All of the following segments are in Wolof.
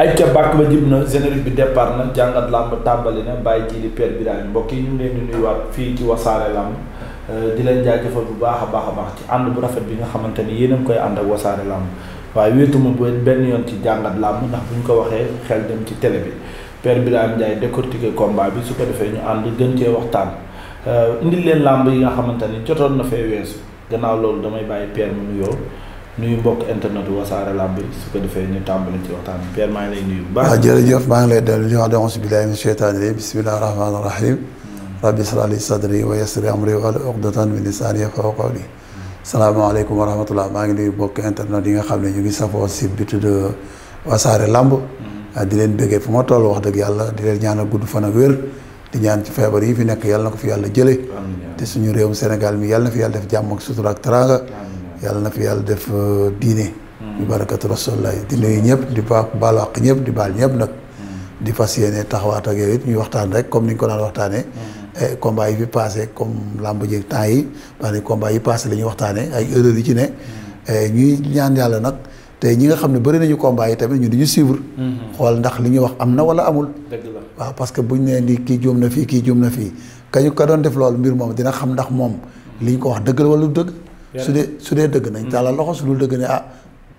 aj ca bàkk ba jib na générique bi depart na jàngat làmb tàmbali na bàyyi ji di Père Birahim mbokk yi ñu ngi leen di nuyuwaat fii ci wasaare làmb euh, di leen jaajëfal bu baax a baax a baax ci ànd bu rafet bi nga xamante ni yéen a ngi koy ànd ak wasaare làmb waaye wéetuma bu benn yoon ci jàngat làmb ndax bu ñu ko waxee xel dem ci télé bi Père Birahim Ndiaye décortiquer combat bi su ko defee ñu ànd gën cee waxtaan euh, indil leen làmb yi nga xamante ni jotoon na fee weesu gannaaw loolu damay bàyyi Père mu nuyoo nuyu mbokk internet wasaare làmb bi su ko defee ñu tàmbali ci waxtaan bi Père maa ngi lay nuyu bu baax. waaw ah, jërëjëf maa ngi lay dellu di wax auzu billaahi mina sheytaani rajiim bismillaahi rahmaani rahiim. Hmm. rabbi ishrah li sadri wa yassir amri wahlul uqdatan min lisaani yafqahu qawli. salaamaaleykum wa rahmatulah maa ngi nuyu mbokk internet yi nga xam ne ñu ngi safoo si bi tudd wasaare làmb. Hmm. di leen bëggee fu ma toll wax dëgg yàlla di leen a gudd fan ak wér. di ñaan ci feebar yi fi nekk yàlla na ko fi yàlla jëlee. suñu réewum Sénégal mi yàlla fi yàlla def jàmm ak ak teraanga yàlla na fi yàlla def euh, diine. Hmm. bi barakatu rasulillah di nuyu ñëpp di ba baalu àq ñëpp di baal ñëpp nag. Hmm. di fas yéene taxawaat ak yooyu it ñuy waxtaan rek comme ni ñu ko daan waxtaanee. Hmm. Eh, combat yi fi passé comme làmb ji temps yi maanaam combat yi passé la ñuy waxtaanee ay erreurs ci ne. Eh, ñaan yàlla nag te ñi nga xam ne bëri nañu combat yi tamit ñu ñu suivre. xool ndax li ñuy wax am na wala amul. waaw parce que buñ nee nii kii juum na fii kii juum na fii kañu ka doon def loolu mbir moom dina xam ndax moom li ñu ko wax dëgg la wala dëgg. su dee su dee dëgg nañ mm. tàllal loxo su dul dëgg ne ah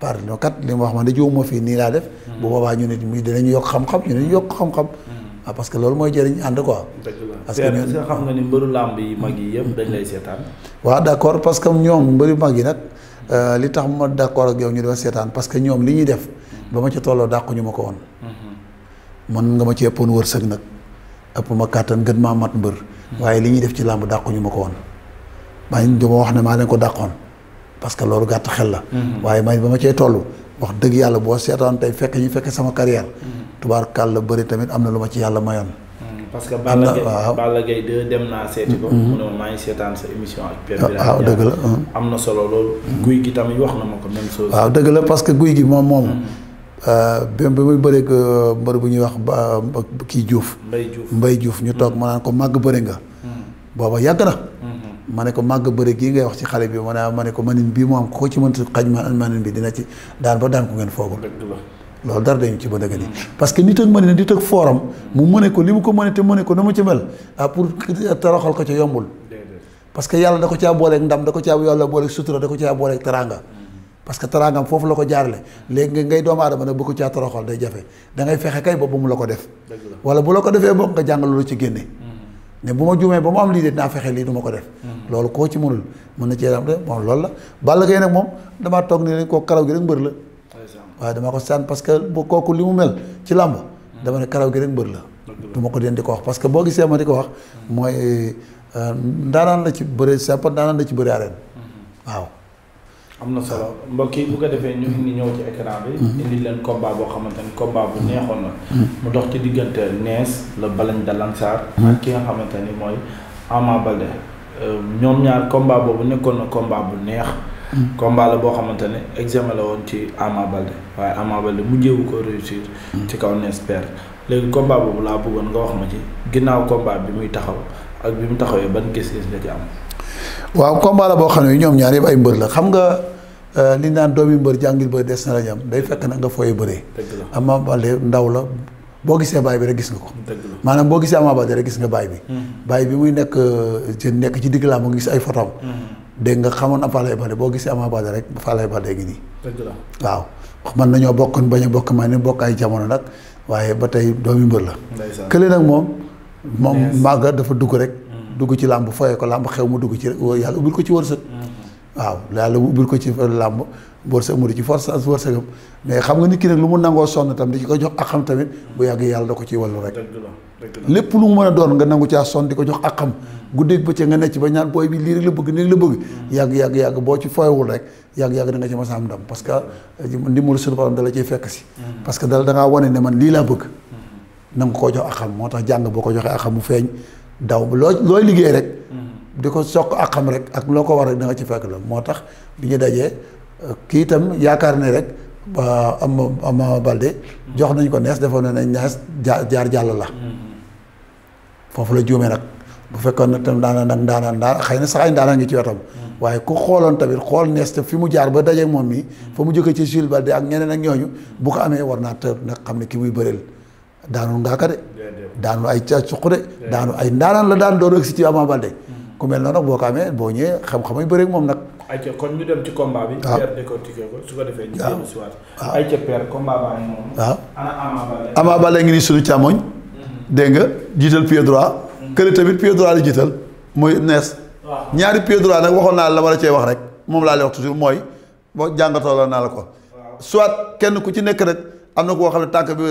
pardon kat li ma wax man da jiw ma fii nii laa def mm. bu boobaa ñu nit muy dinañu yokk xam-xam ñu ne ñu yokk xam-xam mm. ah mooy jëriñ ànd quoi parce que ñun xam nga parce que ñoom mbëru mag yi nag euh, li tax ma d' accord ak yow ñu def seetaan parce que ñoom li ñuy def ba ma ca tolloo dàqu ñu ma ko woon man mm-hmm. nga ma ci ëppoon wërsëg nag ëpp ma kàttan gën maa mat mbër waaye li ñuy def ci làmb dàqu ñu ma ko woon maa ngi jóg wax ne maa leen ko dàqoon parce que loolu gàtt xel la. Mm-hmm. waaye man ba ma cee toll wax dëgg yàlla boo seetaan tey fekk ñu fekk sama carrière. Mm-hmm. tubaar kàll bëri tamit am na lu ma ci yàlla mayoon. Mm-hmm. parce que Balla Gaye dem naa seeti ko. mu ne maa ngi seetaan sa ah, waaw dëgg la. am na solo loolu. guy gi tamit wax na ma ko même waaw dëgg la parce que guy gi moom moom. Euh, bi bi muy euh, bu ñuy wax ba kii Diouf. Mbaye Diouf ñu toog ma naan ko màgg bëri nga. booba yàgg na. ma ne ko màgg bëre gii ngay wax ci xale bi ma ne ah, ma ko manin bii mu am ko ci mënta xaj man manin bi dina ci daan ba daan ko ngeen foogul loolu dara dañu ci ba dëgg ni parce que nit ak mën ne nit ak fooram mu mëne ko li mu ko mëne te mëne ko na ci mel ah pour toroxal ko ca yombul parce que yàlla da ko caa booleeg ndam da ko caa yàlla booleeg sutura da ko caa booleeg teraanga parce que teraangam foofu la ko jaarale léegi ngay doomu aadama nag bu ko caa toroxal day da ngay fexe kay ba bu mu la ko def wala bu la ko defee bokk nga jàng loolu ci ne bu ma juumee ba mu am lii de dinaa fexe lii du ko def. loolu koo ci mënul mën na cee am de bon loolu la. Balla Gaye nag moom dama toog nii rek koo karaw gi rek mbër la. waaye damaa ko parce que bu kooku li mu mel ci làmb. dama ne karaw gi rek mbër la. du ma ko den di ko parce que boo gisee ma di ko wax. mooy euh, ndaanaan la ci bëre simple ndaanaan la ci bëre arène. waaw. am na solo mbokk yi bu ko defee ñu ngi ñëw ci écran bi. Mm-hmm. indi leen combat boo xamante ni combat bu neexoon na. Mm-hmm. mu dox ci diggante nees la Balagne de Lansar. Mm-hmm. ak ki nga xamante ni mooy Ama Baldé. Euh, ñoom ñaar combat boobu nekkoon na combat bu neex. combat la boo xamante ne examen la woon ci Ama Baldé waaye Ama Baldé mujjeewu ko réussir. ci kaw Ness père léegi combat boobu laa bëggoon nga wax ma ci ginnaaw combat bi muy taxaw ak bi mu taxawee ban gis-gis la xam ne nga. Euh, li naan doomi mbër jàngil ba des na la ñam day fekk na nga fooy bëree. Ama Baldé ndaw la boo gisee baay bi rek gis nga ko. maanaam boo gisee Ama Baldé rek gis nga baay bi. Hmm. baay bi muy nekk ci euh, nekk ci digg laa mu gis ay photos. Hmm. dégg nga xamoon am Falaye Baldé boo gisee Ama Baldé rek Falaye Baldé ngi nii. waaw man nañoo bokkoon bañ a bokk ma ne bokk ay jamono nag waaye ba tey doomi mbër la. kële nag moom. moom màgga dafa dugg rek. Hmm. dugg ci làmb fooyee ko làmb xew mu dugg ci rek ko ci wërsëg. waaw yàlla ubbil ko ci làmb wërsëg mu di ci force wërsëgam mais xam nga nit ki nag lu mu nangoo sonn tam di ci ko jox ak xam tamit bu yàgg yàlla da ko ciy wallu rek lépp lu mu mën a doon nga nangu caa sonn di ko jox ak xam la bëgg nii la bëgg mm. yàgg yàgg yàgg boo ci fooywul rek yàgg yàgg da nga ci mës a am ndam parce que eh, ndimbalu suñu borom da ciy fekk si mm. parce dal da ngaa wane ne man lii laa bëgg mm. nangu koo jox ak xam moo tax jàng boo ko joxee ak xam mu feeñ daw loo looy liggéey rek di ko soq ak xam rek ak loo ko war rek da ci fekk la moo tax bi ñu dajee kii itam yaakaar ne rek ba am ama balde jox nañ ko nees ne na ne nees jaar jaar jàll la foofu la juumee nag bu fekkoon na tam daanaan nag daanaan daan xëy na sax ay daanaan ngi ci wetam waaye ku xooloon tamit xool nees te fi mu jaar ba dajee moom mi fa mu jóge ci Jules Balde ak ñeneen ak ñooñu bu ko amee war naa tër nag xam ne ki muy bari daanul ngaaka de daanul ay ca suq de daanul ay ndaanaan la daan doon ci ama balde ku mel noonu boo ko amee boo ñëwee xam-xam yu bëri moom nag. ayca kon ñu dem ci combat bi. waaw père décortiquer ko su ko defee. ñu jéem si waat waaw ayca ngi nii suñu càmmoñ. Mhm. dégg nga jiital pied droit. Mhm. kële tamit pied droit la jiital. muy nees. ñaari pied droit nag waxoon naa la war a cee wax rek moom laa lay wax toujours mooy boo jàngatoo la naa la ko. soit kenn ku ci nekk rek am na koo xam ne tànk bi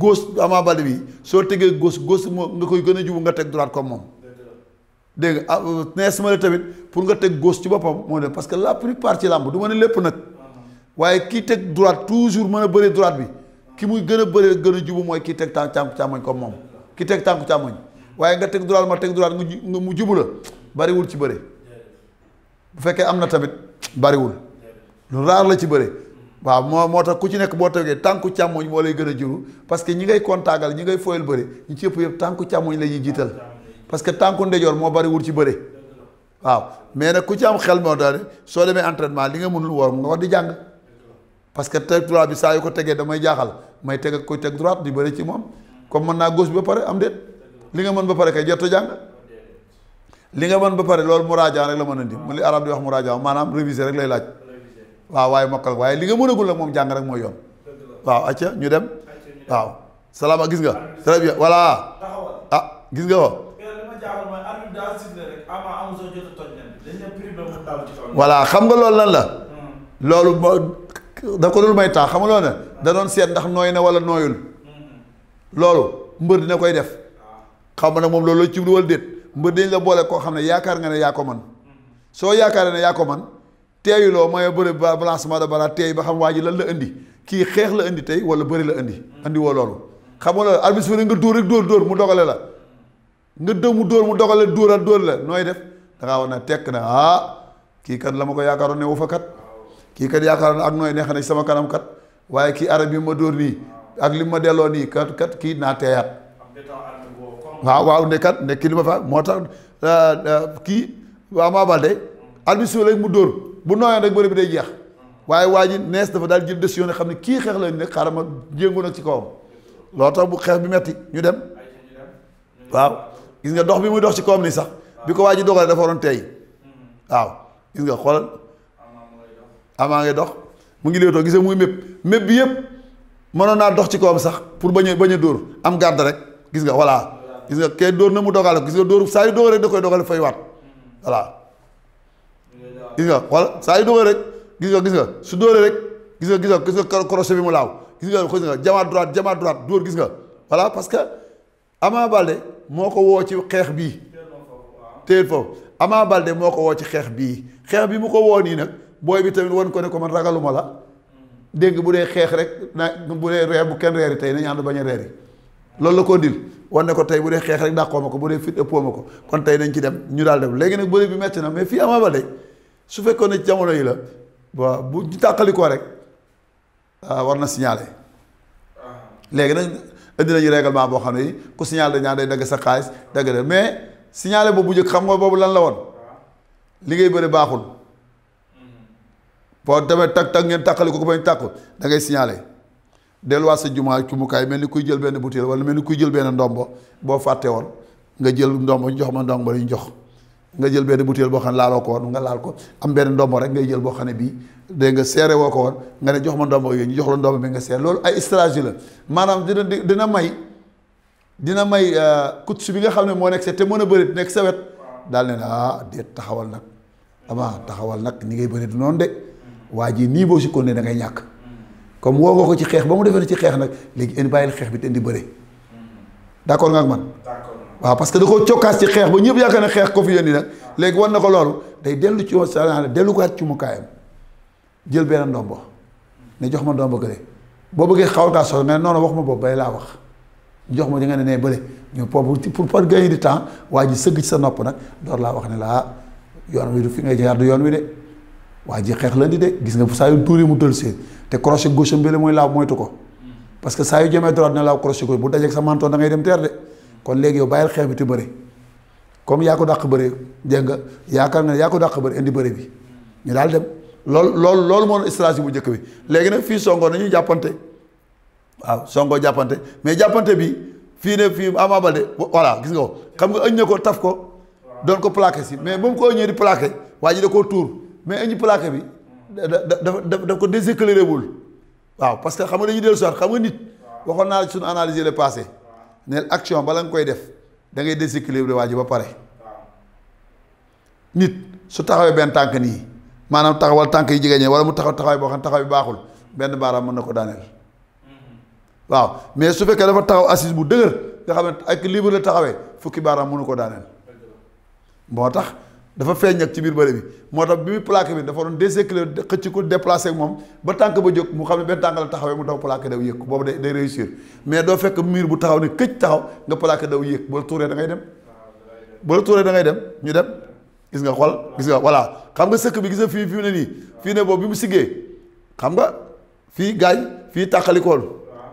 gauche Ama bi soo tegee gauche gauche moo nga koy gën a jubu nga teg droite comme moom. dégg nga ah, nees ma la tamit pour nga teg góos ci boppam moo dem parce que la plupart ci làmb du ma ne lépp nag waaye kii teg droite toujours mën a bëri droite bi ki mu gën a bëri gën a jubu mooy kii teg tànk tànku càmmoñ comme moom ki teg tànku càmmoñ waaye nga teg droite ma teg droite nga mu jubu la bariwul ci bëri bu fekkee am na tamit bariwul lu raar la ci bëri waaw moo moo tax ku ci nekk boo tegee tànku càmmoñ moo lay gën a juru parce que ñi ngay kontaagal ñi ngay foyal bëri ci ëpp yëpp tànku càmmoñ la ñuy jiital parce que tànku ndejoor moo bari wul ci bëre waaw mais nag ku ci am xel moo daal soo demee entraînement li nga mënul woor nga war di jàng parce que teg droit bi saa yu ko tegee damay jaaxal may teg ko koy teg droit di bëri ci moom comme mën naa gauche ba pare am déet li nga mën ba pare kay jot a jàng li nga mën ba pare loolu muraaja rek la mën a indi mu li arab di wax muraaja maanaam réviser rek lay laaj waaw waaye mokkal waaye li nga mënagul la moom jàng rek mooy yoon waaw acca ñu dem waaw salaama gis nga très bien voilà ah, gis nga ko jaaxal a toj xam nga loolu lan la. Hmm. loolu moo da ko dul may taax xam nga loolu ne da doon seet ndax nooy na wala nooyul. Hmm. loolu mbër dina koy def. Ah. xam nga nag moom loolu la ci wala déet mbër dañ la boole koo xam ne yaakaar nga ne yaa ko man hmm. soo yaakaaree ne yaa ko man teeyuloo mooy bëri ba balaa teey ba xam waa ji lan la indi kii xeex la indi tey wala bëri la indi. andi woo loolu xam nga loolu arbitre nga dóor rek dóor dóor mu dogale la nga mu dóor mu dogale dóor a dóor la nooy def da ngaa na tekk na ah kii kat la ma ko yaakaaroon ne wu fa kat kii kat yaakaaroon ak nooy neex na ci sama kanam kat waaye kii arab bi ma dóor nii ak li ma delloo nii kat kat kii naa teeyaat waaw waaw ne kat ne kii li ma fa moo tax euh, euh, kii waa waaw maa balde arbitre lay mu dóor bu nooyoon rek bëri bi day jeex waaye waa ji nees dafa daal jël décision yoon xam ne kii xeex lañ ne xaaral ma jéngu nag ci kawam loo tax bu xeex bi metti ñu dem gis nga dox bi muy dox ci koom ni sax bi ko waa ji dogalee dafa waroon tey waaw gis nga xoolal amaa ngay dox mu ngi léetoo gisee muy mépp mépp bi yëpp mënoon naa dox ci koom sax pour bañ a bañ am garde rek gis nga voilà gis nga kee na mu dogale ko gis nga dóor saa yu koy dogale fay waat voilà gis nga xoolal rek gis nga gis nga su dóoree rek gis nga gis nga gis nga bi mu laaw gis nga gis droite jama droite dóor gis nga voilà parce que Ama moo ko woo ci xeex bii téel foofu Ama Baldé moo ko woo ci xeex bii xeex bi mu ko woo nii nag booy bi tamit won ko ne ko man ragaluma la dégg bu dee xeex rek na bu dee reer bu kenn reeri tey nañu ànd bañ a reer yi loolu la koo dil wan ne ko tey bu dee xeex rek dàqoo ma ko bu dee fit ëppoo ma ko kon tey nañ ci dem ñu daal dem léegi nag bëri bi metti na mais fii Ama Baldé su fekkoon ne jamono yi la waaw bu tàqalikoo rek ah, war na signalé ah. léegi indi nañu règlement boo xam ne ku signalé ñaar day dagg sa xaalis dagg de mais signalé boobu njëkk xam nga boobu lan la woon liggéey bëri baaxul boo demee tak tak ngeen tàqali ko ko bañ takkul dangay ngay delluwaat sa jumaa cumukaay mel ni kuy jël benn butéel wala mel ni kuy jël benn ndombo boo fàttee woon nga jël ndombo jox ma ndombo ñu jox nga jël benn butéel boo xam ne laaloo ko woon nga laal ko am benn ndombo rek ngay jël boo xam ne bii dégg nga seere woo ko woon nga ne jox ma ndombo yooyu ñu jox la ndombo bi nga seere loolu ay stratégie la maanaam dina dina may dina may euh, coach bi nga xam ne moo nekk sa te mën a bëri nekk sa wet daal ne ah déet taxawal nag ama taxawal nag ni ngay bëri du noonu de waa jii nii boo si sikkoon ne da ngay ñàkk comme woo nga ko ci xeex ba mu defee ci xeex nag léegi indi bàyyil xeex bi te bëri d'accord nga man waaw parce que da koo cokkaas ci xeex ba ñëpp yaakaar ne xeex ko fi yónni nag léegi war na ko loolu day dellu ci wasalaale dellu ko at ci mu kaayam jël benn ndombo ne jox ma ndombo gële boo bëggee xaw taa solo mais wax ma boobu bay laa wax jox ma di nga ne nee bële ñu pour pour pour gagner du waa ji sëgg ci sa nopp nag door laa wax ne laa yoon fi ngay jaar du yoon wi de waa ji xeex la di de gis nga saa yu tuuri mu dël te crochet gauche mbele mooy laaw moytu ko parce que saa yu jëmee droite ne laaw crochet gauche bu dajeeg sa mantoon da ngay dem teer de kon léegi yow bàyyil xeex bi te bëre comme yaa ko dàq bëre dégg nga yaakaar nga yaa dàq bëre indi bëre bi ñu daal dem lool lool loolu moo stratégie bu njëkk bi léegi nag fii songo nañu jàppante waaw songo jàppante mais jàppante bi fii ne fii mu Ama Baldé voilà gis nga ko xam nga ëñ na ko taf ko doon ko plaqué si mais ba mu ko ëññee di plaqué waa ji da koo tuur mais ëññi plaqué bi dafa daf ko déséquilibré wul waaw parce que xam nga dañuy dellu si xam nga nit waxoon naa suñu analyser le passé neel action bala nga koy def da ngay déséquilibré waa ji ba pare nit su taxawee benn tànk nii maanaam taxawal tànk yi jigéen ñi wala mu taxaw taxawaay boo xam taxaw bi baaxul benn baaraam mën na ko daaneel mm-hmm. waaw mais su fekkee dafa taxaw assise bu dëgër nga xam ne ak libre taxawee fukki baaraam mënu ko daaneel moo tax dafa feeñ ak ci biir bëre bi moo tax bi muy plaqué bi dafa doon déséquilibré xëcc ko déplacé moom ba tànk ba jóg mu xam ne benn tànk la taxawee mu daw plaqué daw yëg boobu day mais doo fekk mur bu taxaw ne këcc taxaw nga plaqué daw yëg ba la tuuree da ngay dem ba la tuuree da ngay dem ñu dem gis nga xol gis nga voilà xam nga sëkk bi gis nga fii fi mu ne nii fii ne boobu bi mu siggee xam nga fii gaañ fii tàqalikool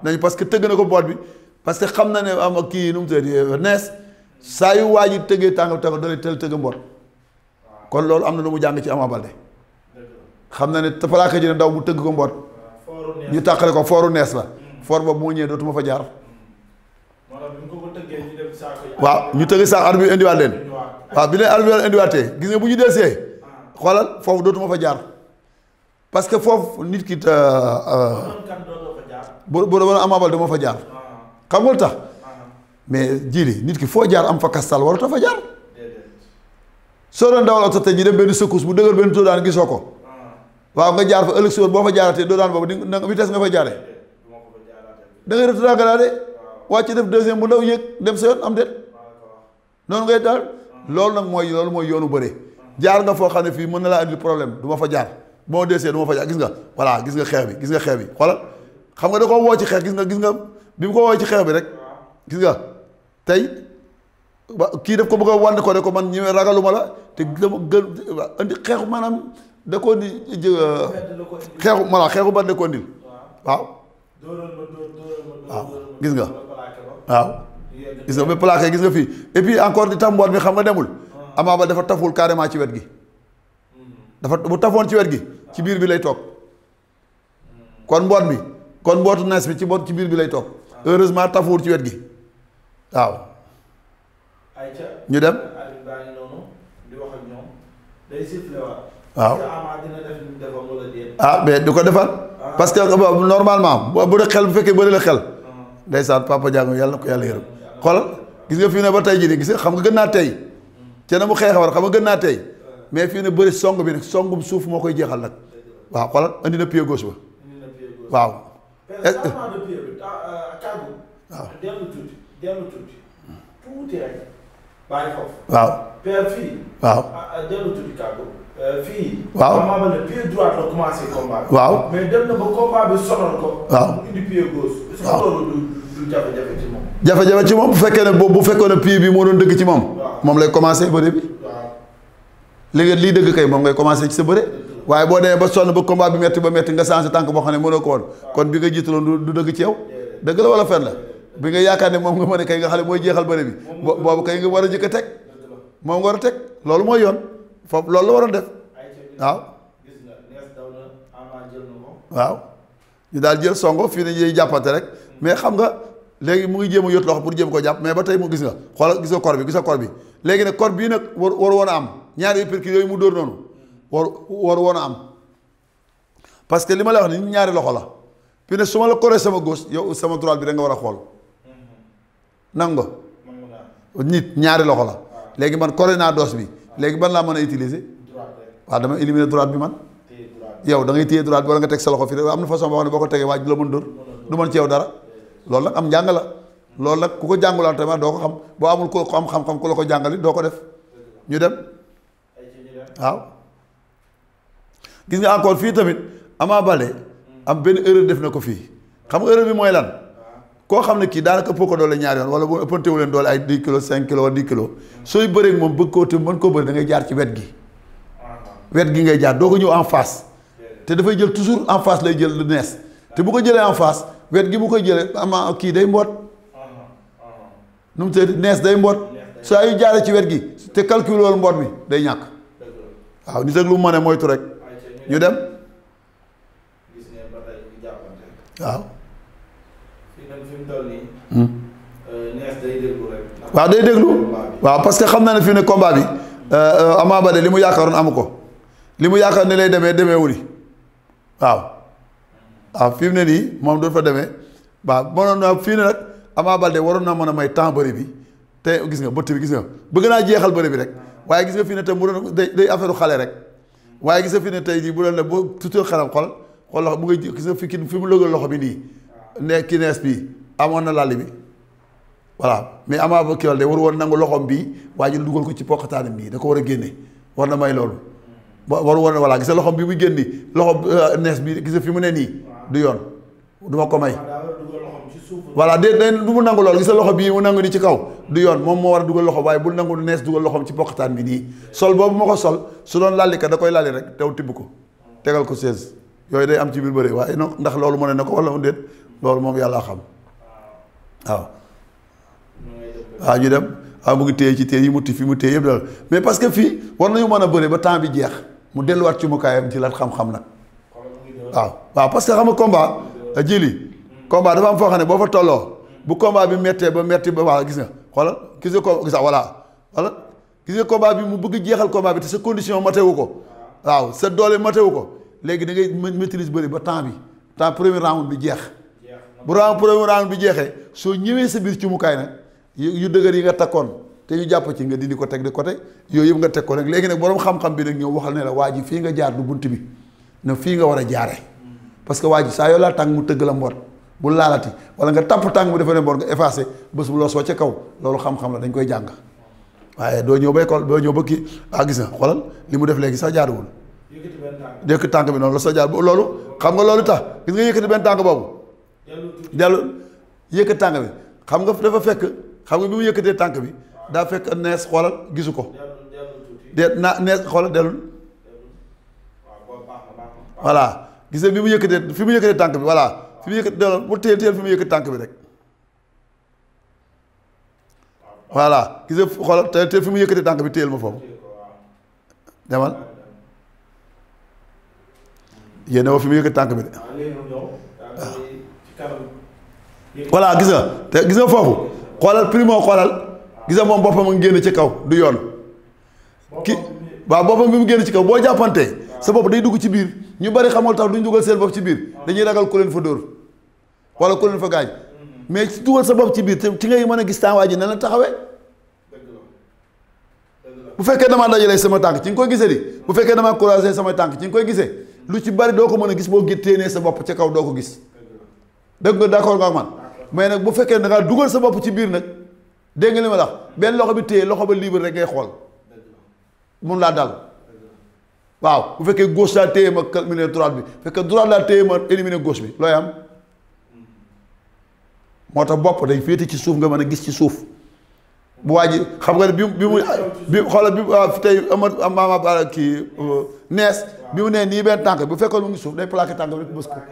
nañu parce que tëgg na ko boot bi parce que xam na ne am kii nu mu tëddee nees saa yu waa ji tëggee tàngal tàngal dalay tël tëgg mboot kon loolu am na lu mu jàng ci Ama Baldé xam na ne falaaka ji ne daw bu tëgg ko mboot ñu tàqale ko fooru nees la foor boobu moo ñëwee dootuma fa jaar waaw ñu tëgg sax arbitre indiwaat leen waaw bi leen arbitre indiwaatee gis nga bu ñu delsee xoolal foofu dootuma fa jaar parce que foofu nit ki euh, euh, bu ba doon fa jaar xam nga tax mais jii nit ki foo jaar am fa kastal warut fa jaar soo doon dawal oto tey ji dem benn secousse bu dëgër benn taux daan gisoo ko ah. waaw nga jaar fa ëllëg boo fa jaaratee doo daan boobu di nga vitesse nga fay jaaree eh, da ngay retourné nga daal ah. wàcc def deuxième bu ndaw yéeg dem sa yoon am de ah, noonu ngay daal loolu nag mooy loolu mooy yoonu bëre jaar nga foo xam ne fii mën na laa indi problème du ma fa jaar moo desee du ma fa jaar gis nga voilà gis nga xeex bi gis nga xeex bi xoolal xam nga da koo woo ci xeex gis nga gis nga bi ko woo ci xeex bi rek gis nga tey waaw kii daf ko bëgg a wan ko ne ko man ñëwee ragaluma la te dama gën indi xeexu maanaam da koo di eh, xeexu voilà xeexu ban da koo ndil waaw waaw gis nga waaw gis nga ba plaqué gis nga fii et encore di tamboor bi xam nga demul ah. Ama Baldé dafa taful carrément ci wet gi hmm. dafa bu tafoon ci wet gi ci biir bi lay toog hmm. kon mboot bi kon mbootu nees bi ci mboot ci biir bi lay toog ah. heureusement tafuwul ci wet gi waaw ñu dem. waaw ah mais du ko defal ah. parce que euh, normalement bu dee xel bu fekkee bëri la xel ah. ndeysaan papa Diagne yàlla na ko yàlla yërëm xoolal gis nga fii ne ba tey ji nii gis nga xam nga gën naa tey te na mu xeex war xam nga gën naa tey mais fii ne bëri song bi nag songum suuf moo koy jeexal nag waaw xoolal andi na pied gauche ba waaw. bàyyi waaw père fii. waaw dellu tuuti kàddu. Euh, fii. waaw jafe-jafe ci moom. bu fekkee ne boobu bu fekkoon ne pied bi moo doon dëgg ci moom. moom lay commencé bëre bi. li nga lii dëgg kay moom ngay commencé ci sa bëre. waaye boo demee ba sonn ba combat bi metti ba metti nga changé tànk boo xam ne mënoo ko kon bi nga jiitaloon du dëgg ci yow. dëgg la wala fen la. bi nga yaakaar ne moom nga mën a kay nga xam ne mooy jeexal bëri bi boobu kay nga war a jëkk a teg moom nga war a teg loolu mooy yoon foofu loolu la waroon def waaw waaw ñu daal jël songo fii ne ñuy jàppante rek mais xam nga léegi mu ngi jéem a yót loxo pour jéem ko jàpp mais ba tey mu gis nga xoolal gis nga kor bi gis nga kor bi léegi nag kor bii nag war war woon a am ñaari uppercut yooyu mu dóor noonu war war woon a am parce que li ma lay wax ni ñaari loxo la fi ne su ma la koree sama gauche yow sama droite bi da nga war xool nango nit ñaari loxo la léegi man naa doos bi léegi ban laa mën a utiliser waaw dama éliminer droite bi man yow da téye droite bi wala nga teg sa loxo fii am na façon boo xam ne boo ko tegee waaj du la mën dóor dara loolu nag am njàng loolu nag ku ko jàngulaat tamit doo ko xam boo amul ko am xam-xam ku la ko jàngali doo ko def ñu dem waaw gis nga encore fii tamit Ama bale am benn erreur def na ko fii xam nga bi mooy lan koo xam ne kii daanaka ëppoo ko doole ñaari yoon wala boo ëppantewu leen doole ay 10 kilos 5 kilos wala 10 kilos sooy bëreeg moom bëgg koo te mën koo bëri da ngay jaar ci wet gi wet gi ngay jaar doo ko ñëw en face te dafay jël toujours en face lay jël lu nees te bu ko jëlee en face wet gi bu koy jëlee a kii day mboot nu mu nees day mboot saa yu jaaree ci wet gi te calcul loolu mboot mi day ñàkk waaw nit ak lu mu mën moytu rek ñu dem waaw Hmm? Euh, waaw day déglu waaw parce que xam na ne fi ne combat bi euh, euh, Ama Baldé li mu yaakaaroon amu ko li mu yaakaar ne lay demee demee wuli waaw waaw fi ne nii moom du fa demee waaw mënoon na fii ne nag Ama Baldé waroon naa mën a may temps bëri bi te gis nga bëtt bi gis nga bëgg naa jeexal bëri bi rek waaye gis nga fii ne tey mu doon day day xale rek waaye gis nga fii ne tey jii bu doon la boo tutee xaram xol xol loxo mu ngi gis nga fi ki fi mu lëgal loxo bi nii ne ki nees amoon na làll bi voilà mais amaa ba Kewel de waru woon nangu loxoom bii waaye ñu dugal ko ci poqataanam bii da ko war a génne war na may loolu waru woon voilà gis nga loxoom bi muy génni loxo euh, nees bi gis fi mu ne nii du yoon du ko may voilà de day du mu nangu loolu gis nga loxo bii mu nangu ni ci kaw du yoon moom war a loxo waaye bu nangu nees dugal loxoom ci poqataan bi nii sol boobu ma ko sol su doon lalli ka da koy lalli rek daw tibb ko tegal ko 16 yooyu day am ci biir bëre waaye no ndax loolu mu ne na ko wala mu déet loolu moom yàlla xam waaw. waaw ah, ñu dem waaw ah, mu ngi téye ci téye yi mu ti fi mu téye yëpp daal mais parce que fii war nañu mën a bëre ba temps bi jeex mu delluwaat ci mukaayam ci lat xam-xam nag. waaw waaw parce que xam nga combat. Euh, jili combat dafa am foo xam ne boo fa tolloo. bu combat bi méttee ba métti ba waaw gis nga xoolal gis nga ko gis nga voilà voilà combat bi mu bëgg jeexal combat bi te sa condition matewu ko. waaw sa doole matewu ko léegi da ngay maîtrise bëri ba temps bi temps premier round bi jeex. bu round premier bi jeexee soo ñëwee sa biir ci mukaay nag yu dëgër yi nga takkoon te ñu jàpp ci nga di dindi ko teg de côté yooyu yëpp nga teg ko nag léegi nag borom xam-xam bi nag ñoo waxal ne la ji fii jaar du bunt bi ne fii nga war a jaaree parce que waa ji saa yoo laa tàng mu tëgg la mboot bu wala nga tàpp tàng mu defee ne mboot nga effacé bés bu kaw loolu xam-xam la dañ koy jàng waaye doo ñëw ba école doo ñëw ba kii ah gis na xoolal li mu def léegi sax jaaruwul yëkkati benn tànk bi noonu la sax jaar loolu xam nga loolu tax gis nga yëkkati benn tànk boobu dellu yëkkat tànk bi xam nga dafa fekk xam nga bi mu yëkkatee tànk bi daa fekk nees xoolal gisu ko de na nees xoolal dellul voilà gis bi mu yëkkatee fi mu yëkkatee tànk bi voilà fi mu yëkkatee dellul mu téye téye tànk bi rek voilà gis nga xoolal te te fi mu yëkkatee tànk bi téyel ma foofu demal yéen a fi mu yëkkatee tànk bi de voilà gis nga te gis nga foofu xoolal primo xoolal gis moom boppam nga génn ci kaw du yoon ki waaw boppam bi mu génn ci kaw boo jàppantee sa bopp day dugg ci biir ñu bari xamul tax duñu dugal seen bopp ci biir dañuy ragal ku leen fa dóor wala ku leen mais ci dugal sa bopp ci biir te ci ngay mën a gis taawaay ji nan la taxawee bu fekkee damaa dajalee sama tànk ci nga koy gisee bu fekkee damaa croisé sama tànk ci nga koy gisee lu ci bari doo ko mën a gis boo gétteenee sa bopp ci kaw doo ko gis dëgg nga d'accord nga ak man mais nag bu fekkee da ngaa dugal sa bopp ci biir nag dégg nga li ma la benn loxo bi téye loxo ba libre rek ngay xool mun laa dal waaw bu fekkee gauche laa téye ma calminer droite bi bu fekkee droite laa téye ma éliminer gauche bi looy am moo tax bopp day féete ci suuf nga mën a gis ci suuf bu waa ji xam nga ne bi bi mu bi xoolal bi mu tey ama maama bara kii euh, nees bi mu nee nii benn tànk bu fekkoon mu ngi suuf day plaqué tànk bi rek bës ko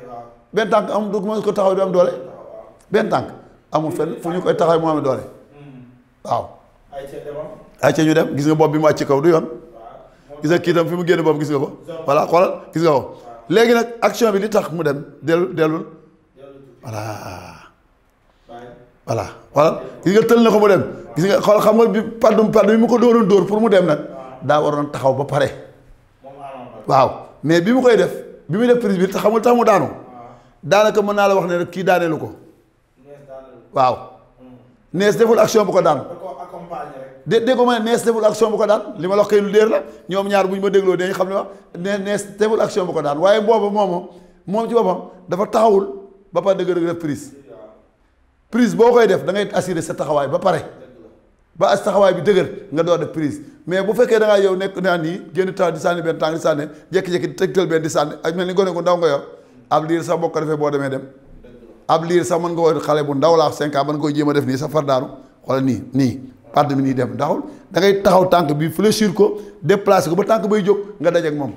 benn tànk am du ko taxaw du doole benn tànk amul fenn fu ñu koy taxaw mu am doole waaw. ay ca ñu dem gis bopp bi mu wàcc kaw du yoon kii tam fi mu génn bopp gis nga ko voilà xoolal gis léegi nag action bi li tax mu dem dellu dellul voilà. voilà voilà gis nga ko mu dem gis nga xam nga bi paddum paddum bi mu ko dóoroon dóor pour mu dem nag daa waroon taxaw ba pare waaw mais bi mu koy def bi muy def prise bi xam nga tax mu daanu daanaka mën naa la wax ne rek kii daaneelu ko. waaw. Hmm. nees deful action bu ko daan. de dégg ma ne nees deful action bu ko daan li ma la wax kay lu leer la ñoom ñaar bu ñu ma dégloo dañuy xam ne wax ne nees deful action bu ko daan waaye booba moom moom ci boppam dafa taxawul ba pare dëgg dëgg def prise. prise boo koy def da ngay assurer sa taxawaay ba pare. ba as taxawaay bi dëgër nga door def prise mais bu fekkee da ngaa yow nekk naa nii génn taw di sànni benn tàng di sànni jékki-jékki di ak mel ni gone gu ndaw nga yor. ab liir sax boo defee boo demee dem ab liir sax mën nga koy xale bu ndaw laa cinq ans mën nga koy jéem a def nii sax far daanu xoolal nii nii padd bi nii dem ndaxul da ngay taxaw tànk bi siir ko déplacer ko ba tànk bay jóg nga dajeek moom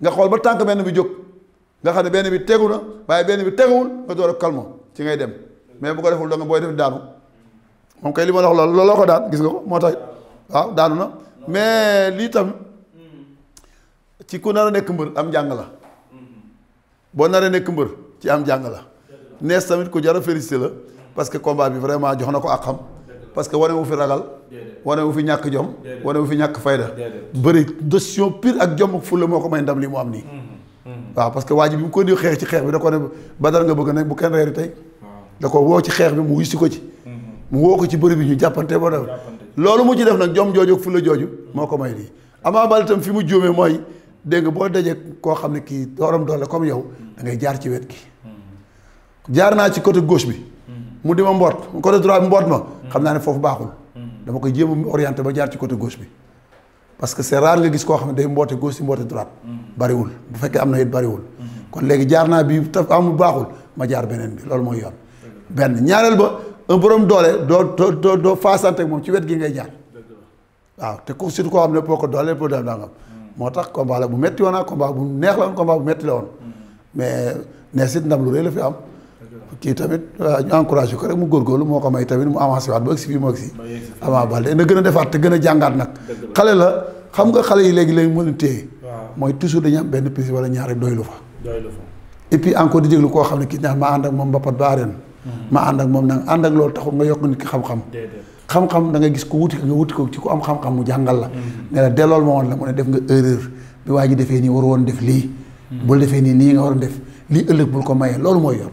nga xool ba tànk benn bi jóg nga xam ne benn bi tegu na waaye benn bi teguwul nga door a calme ci ngay dem mais bu ko deful da booy def daanu moom kay li ma la loolu looloo ko daan gis nga ko moo tax waaw daanu na mais lii tam ci ku a nekk mbër am njàng la boo naree nekk mbër ci am jàng la nees tamit ku jar a félicité la parce que bi vraiment jox na ko ak xam parce que wane wu fi ragal wane wu fi ñàkk jom wane wu fi ñàkk fayda bëri décision pire ak jom ak fulla moo ko may ndam li mu am nii waaw parce que waa ji bi mu ko di xeex ci xeex bi da ko ne badar nga bëgg nag bu kenn reeri tey da ko woo ci xeex bi mu wuy ko ci mu woo ko ci bëri bi ñu jàppante ba def loolu mu ci def nag jom jooju ak fulla jooju dégg nga boo dajee koo xam ne kii dooram doole comme yow da ngay jaar ci wet gi jaar naa ci côté gauche bi mu di ma mboot côté droit bi mboot ma xam naa ne foofu baaxul dama koy jéem a orienté ba jaar ci côté gauche bi parce que c'est rare nga gis koo xam ne day mboote gauche ci mboote droite bariwul bu fekkee am na it bariwul kon léegi jaar naa bii taf amul baaxul ma jaar beneen bi loolu mooy yoon benn ñaareel ba un borom doole doo doo doo faasante ak moom ci wet gi ngay jaar waaw te ko surtout koo xam ne boo ko doole problème daa nga am moo tax combat la bu metti woon ak combat bu neex la woon combat bu metti la woon mais nees it ndam lu rëy la fi am. kii tamit euh, ñu encouragé ko rek mu góorgóorlu moo ko may tamit mu avancé waat ba ëgsi fii mu ëgsi Ama gën a defaat te gën a jàngaat nag xale la xam nga xale yi léegi léegi mën a mooy toujours dañu am benn piste wala ñaari doylu fa et puis encore di déglu koo xam ne kii neex ma ànd ak moom mbapat ba arène hmm. ma ànd ak moom nag ànd ak loolu taxul nga yokk nit ki xam-xam xam-xam da nga gis ko wuti nga wuti ko ci ko am xam-xam mu jàngal la ne dellool ma woon la mu ne def nga erreur bi waa ji defee nii war woon def lii bul defee nii nii nga a def lii ëllëg bul ko mayee loolu mooy yoon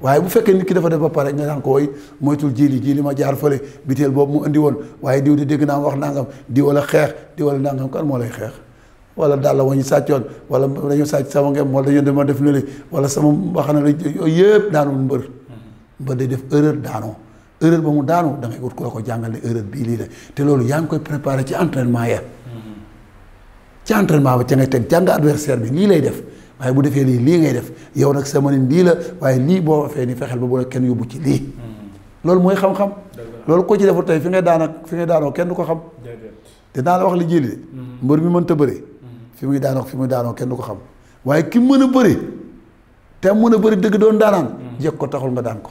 waaye bu fekkee nit dafa def ba pare nga naan ko woy moytul jiili jiili ma jaar fële biteel boobu mu indi woon waaye diw di dégg naa wax nangam di wala xeex di wala nangam kan moo lay xeex wala dàll wañu sàccoon wala dañu sàcc sama ngem wala dañu dema def ne wala sama mbaxana la yooyu yëpp daanoon mbër mbër day def erreur daanoo erreur ba mu daanu da ngay ut koo ko jàngal ne erreur bii lii la te loolu yaa ngi koy préparé ci entraînement ya ci entraînement ba ca ngay teg jàng adversaire bi lii lay def waaye bu defee lii lii ngay def yow nag sama nin lii la waaye lii boo waxee ni fexeel ba bu la kenn yóbbu ci lii loolu mooy xam-xam loolu ko ci deful tey fi ngay daan ak fi ngay daanoo kenn du ko xam te daa la wax li jëli de mbër mi mënta bëri fi muy daanoo fi muy daanoo kenn ko xam waaye ki mën a bëri te mën a bëri dëgg doon daanaan jekk ko taxul nga daan ko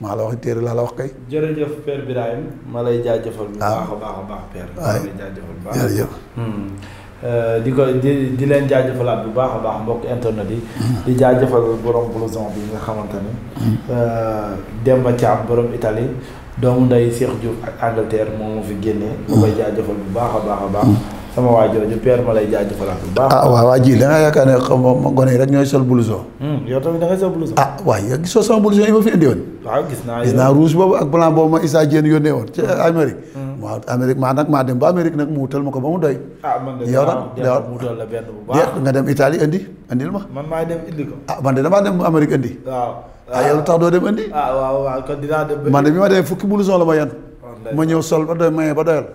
maa la wax téere laa la wax kay. jërëjëf Père Birahim ma lay jaajëfal. bu baax ah. a baax a baax Père. ma lay jaajëfal bu baax jërëjëf. Hmm. Euh, di ko di di leen jëfalaat bu baax a baax mbokk internet yi. Hmm. di jaajëfal borom blouson bi nga xamante ni. Hmm. Euh, Demba Thiam borom Italie doomu nday Cheikh Diouf ak Angleterre moom moo fi génnee. ma koy jaajëfal bu baax a baax a baax. sama waa jooju Pierre ma lay jaajëfalaat bu baax. ah waaw waa ji da ngaa yaakaar ne xam ma gone yi rek ñooy sol blouson. Hmm, yow tamit da ngay ah, gisoo sama blouson yi ma fi indi waaw gis naa rouge boobu ak blanc boobu ma Issa Diène yónnee woon ci hmm. hmm. Amérique. maa nag maa dem ba Amérique nag mu wutal ma ko ba mu doy. ah man yow nag mu nga dem Italie indi indil ma. maa dem indi ko. ah man de damaa dem Amérique indi. waaw ah yow tax doo dem indi. Ah, man de bi ma demee fukki blouson la ma yenn ma ñëw sol ba doy maye ba doyal.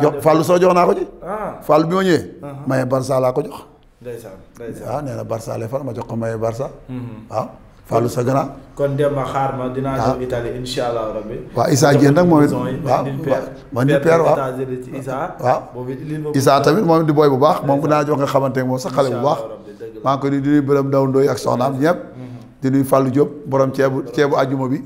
jox Fallou soo jox naa ko ci. Ah. Fallou bi ma ñëwee. Uh-huh. maye Barça laa ko jox. ndeysaan ndeysaan waaw ah, nee na ma jox ko maye Barça. waaw mm-hmm. ah, Fallou sa gannaaw. kon Demba xaar ma dinaa ñëw Italie incha allah rabbi. waaw Issa Dieng nag moom it waaw man di père waaw waaw Issa tamit moom di booy bu baax moom dinaa jox nga xamante moom sa xale bu baax. maa ngi koy di nuyu Ndaw Ndoye ak soxnaam ñëpp. Mm-hmm. di nuyu Fallou borom ceebu ceebu ajuma bi.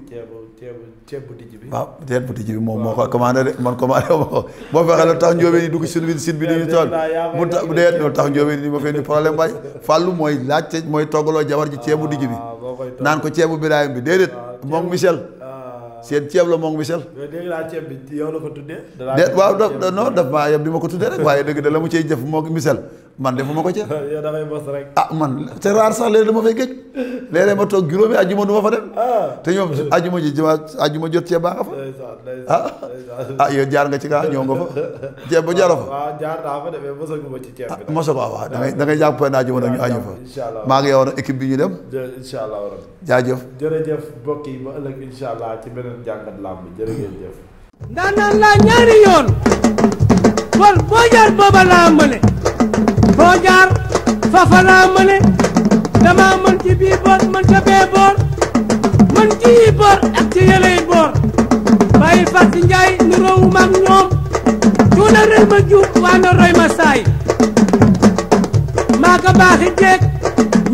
ceeb bu dijj bi waaw ceeb bu dijj bi moom moo ko commandé de man commandé ma ko boo fexee la tax njóobeen yi dugg si suñu site bi duñu tool mu tax deet loolu tax njóobeen yi ma fee ni problème waaye fàllu mooy laajte mooy toggaloo jabar ji ceeb dijj bi ah, naan ko ceeb biraayam bi déedéet ah, moom Michel ah. seen ceeb la moom Michel dégg waaw da non daf maa yem di ma ko tuddee rek waaye dëgg da la mu cey jëf moo Michel man defuma ko ceeb ah man c'est rare sax léeg-léeg ma toog juróomi ajjuma du ma fa dem. Ah. te ñoom ajjuma ji jot ceeb baa nga fa. ah ah jaar nga ci kaa ñoo nga fa. ceeb ba jaaroo fa. waaw ah, jaar ci ceeb bi. ah mosagu waaw waaw da ngay ah. da jàpp na ajjuma nag ñu añu fa. incha allah jaajëf. jërëjëf mbokk yi ba ëllëg incha allah ci laa ñaari yoon. kon boo jaar booba laa mëne. boo jaar fafa laa mëne. dama mën ci bii boor mën ca bee boor mën ci yi ak ci yëley boor bàyyi fàtt njaay ni ñoom cuuna rëy ma waa na roy maa ko baaxi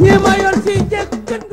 ñii ma yor si